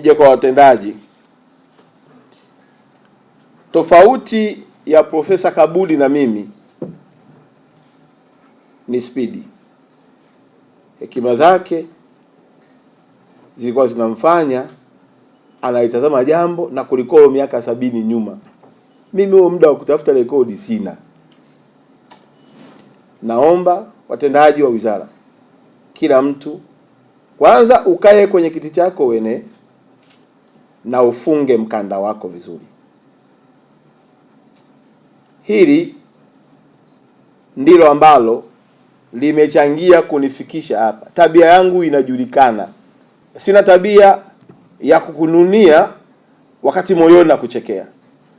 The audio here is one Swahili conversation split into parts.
nije kwa watendaji. Tofauti ya Profesa Kabudi na mimi ni spidi. Hekima zake zilikuwa zinamfanya analitazama jambo na kulikolo miaka sabini nyuma. Mimi huo muda wa kutafuta rekodi sina. Naomba watendaji wa wizara, kila mtu kwanza ukae kwenye kiti chako wene na ufunge mkanda wako vizuri. Hili ndilo ambalo limechangia kunifikisha hapa. Tabia yangu inajulikana, sina tabia ya kukununia wakati moyoni na kuchekea.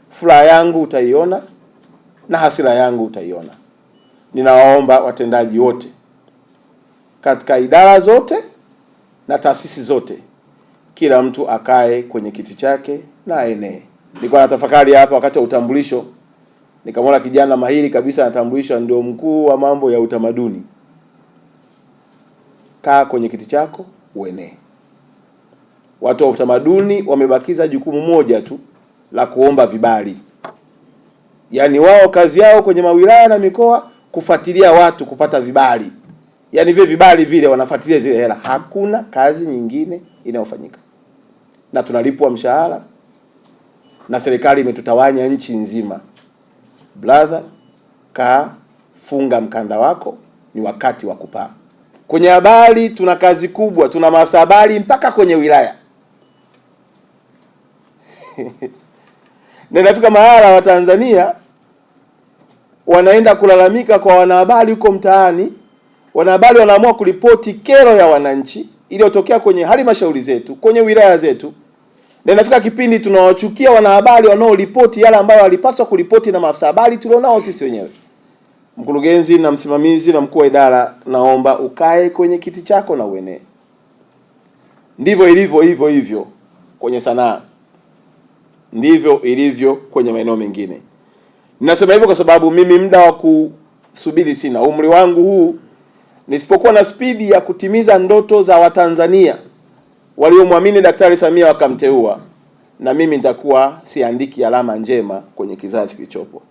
Furaha yangu utaiona na hasira yangu utaiona. Ninawaomba watendaji wote katika idara zote na taasisi zote kila mtu akae kwenye kiti chake na aenee. Nilikuwa natafakari hapa wakati wa utambulisho, nikamwona kijana mahiri kabisa anatambulishwa, ndio mkuu wa mambo ya utamaduni. Kaa kwenye kiti chako uenee. Watu wa utamaduni wamebakiza jukumu moja tu la kuomba vibali, yaani wao kazi yao kwenye mawilaya na mikoa kufuatilia watu kupata vibali, yaani vile vibali vile wanafuatilia zile hela, hakuna kazi nyingine inayofanyika na tunalipwa mshahara na serikali imetutawanya nchi nzima. Brother, kaa funga mkanda wako, ni wakati wa kupaa. Kwenye habari tuna kazi kubwa, tuna maafisa habari mpaka kwenye wilaya na inafika mahala Watanzania wanaenda kulalamika kwa wanahabari huko mtaani, wanahabari wanaamua kuripoti kero ya wananchi iliyotokea kwenye halmashauri zetu, kwenye wilaya zetu, na inafika kipindi tunawachukia wanahabari wanaoripoti yale ambayo walipaswa kuripoti na maafisa habari tulionao sisi wenyewe. Mkurugenzi na msimamizi na mkuu wa idara, naomba ukae kwenye kiti chako na uenee. Ndivyo ilivyo hivyo hivyo kwenye sanaa, ndivyo ilivyo kwenye maeneo mengine. Ninasema hivyo kwa sababu mimi muda wa kusubiri sina, umri wangu huu nisipokuwa na spidi ya kutimiza ndoto za Watanzania waliomwamini Daktari Samia wakamteua, na mimi nitakuwa siandiki alama njema kwenye kizazi kilichopo.